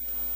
Thank you.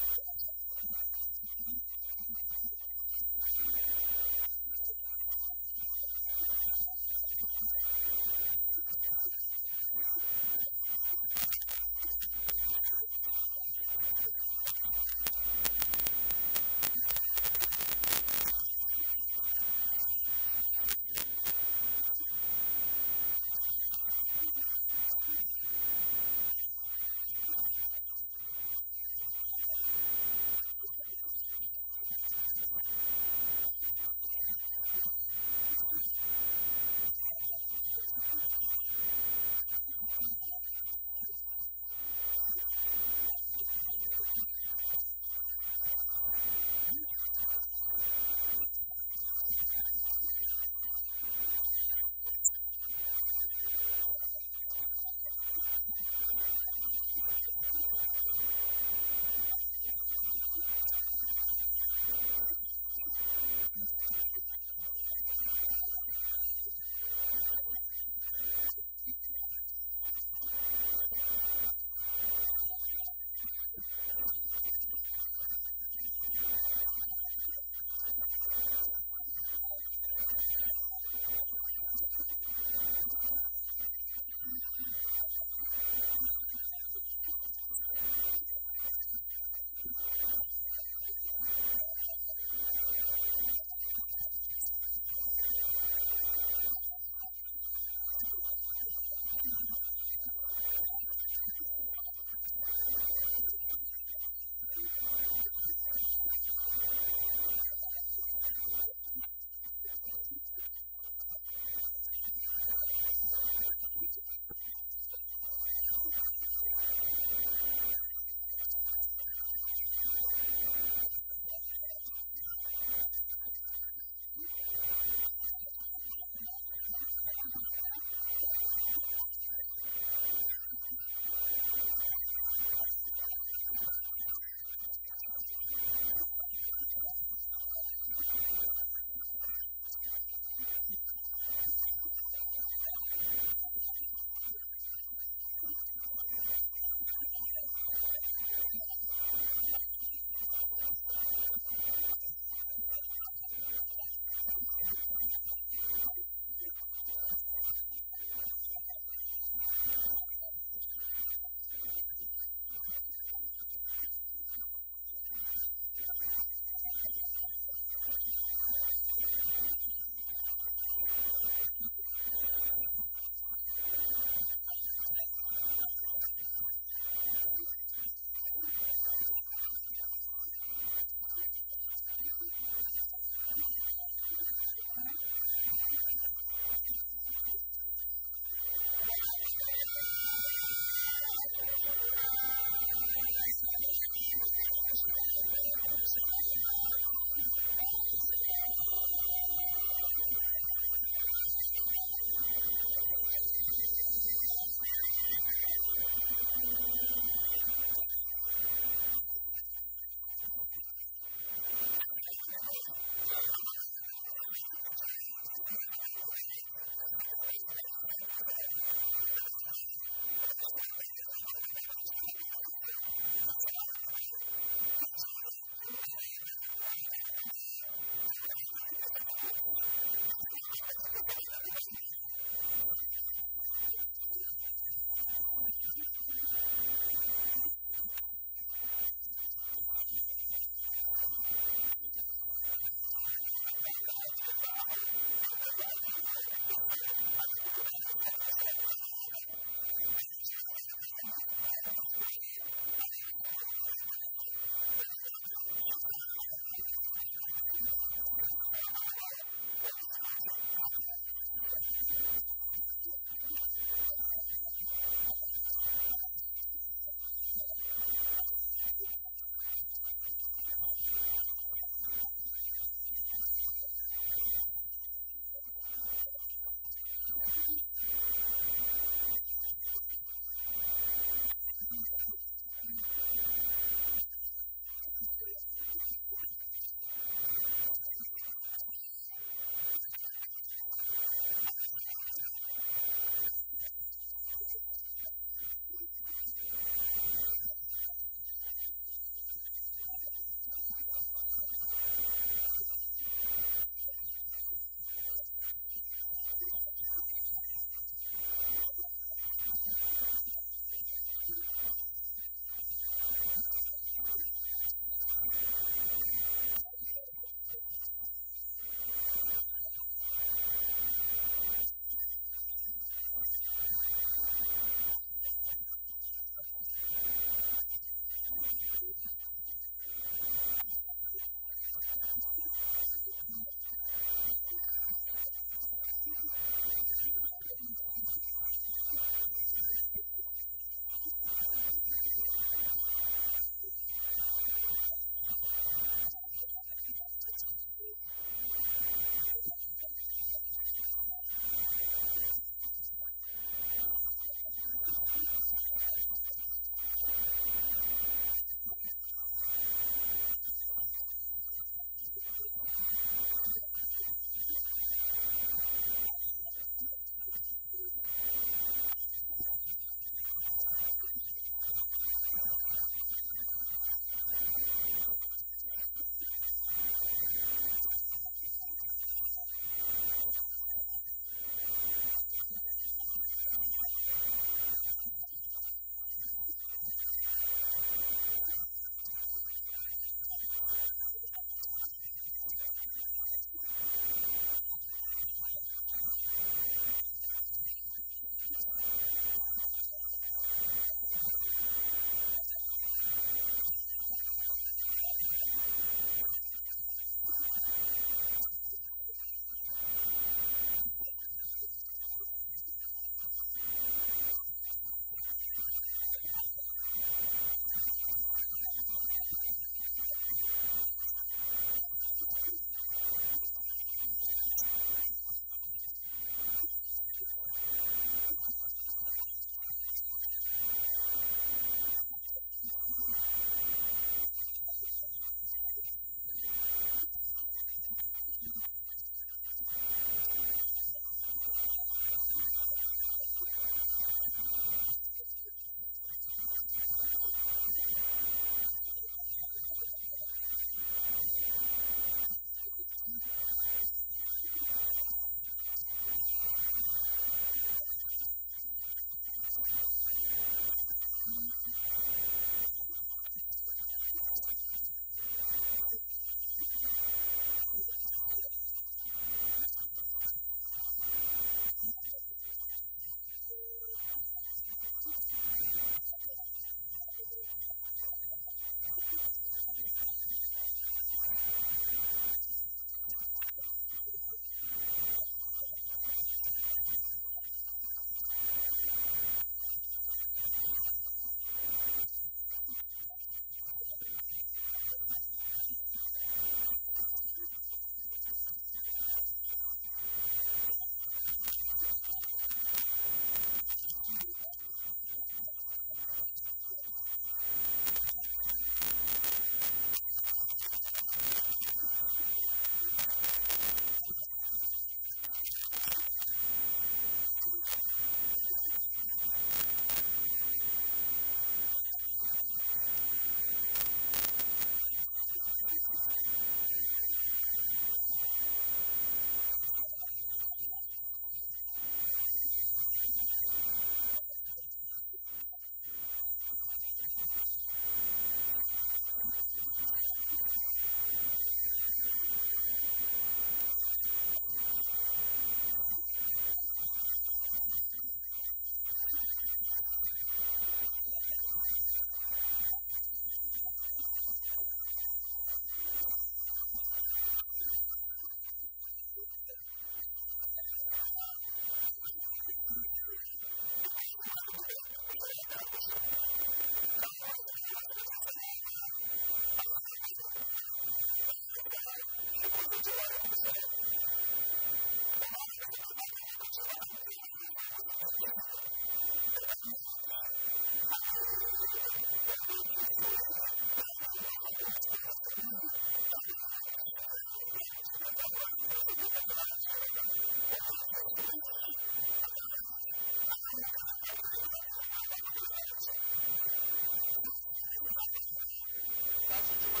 집중을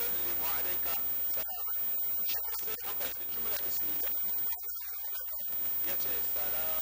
وأسلم عليك سلاما شكرا سيدي أبا الجملة اسمية يتي السلام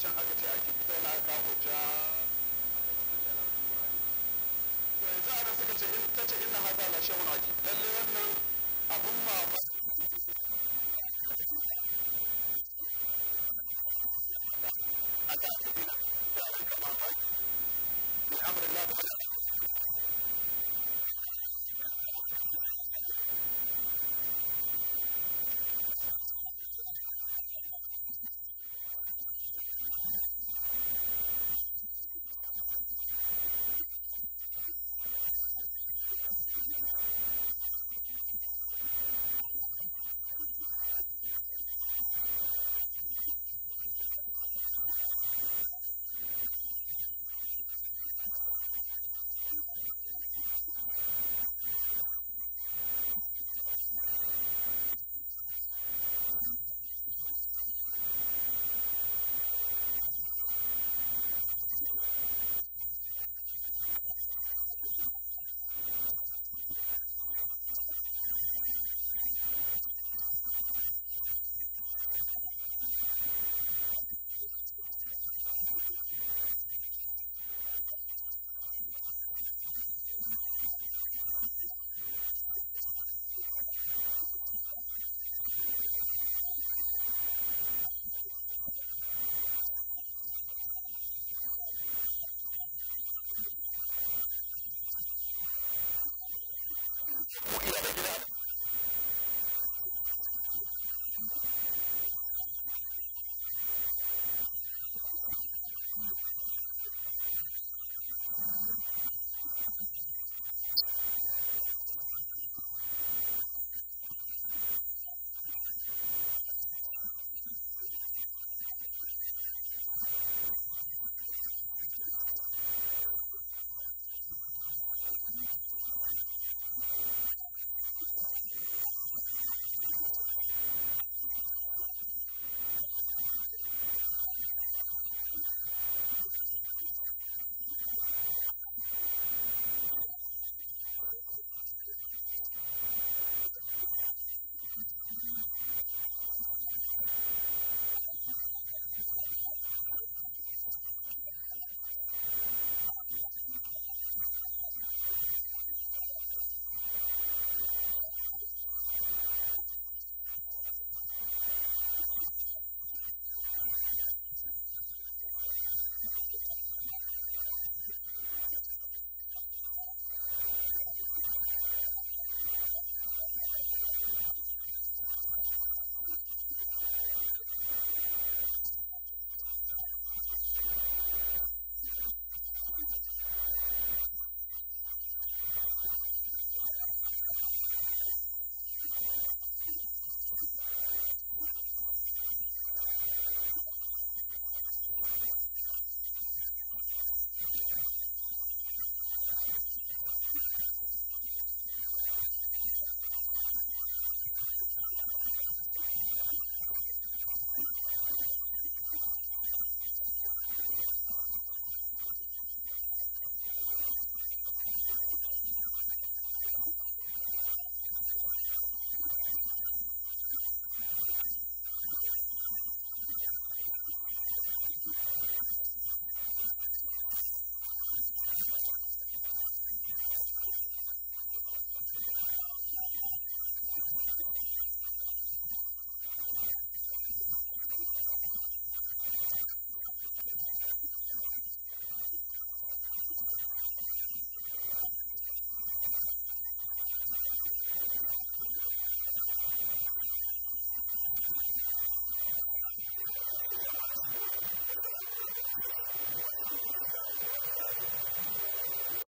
ce a can aka ce a kifta na aka hujja to yanzu da suka ce in ta ce la lalle wannan abun mamaki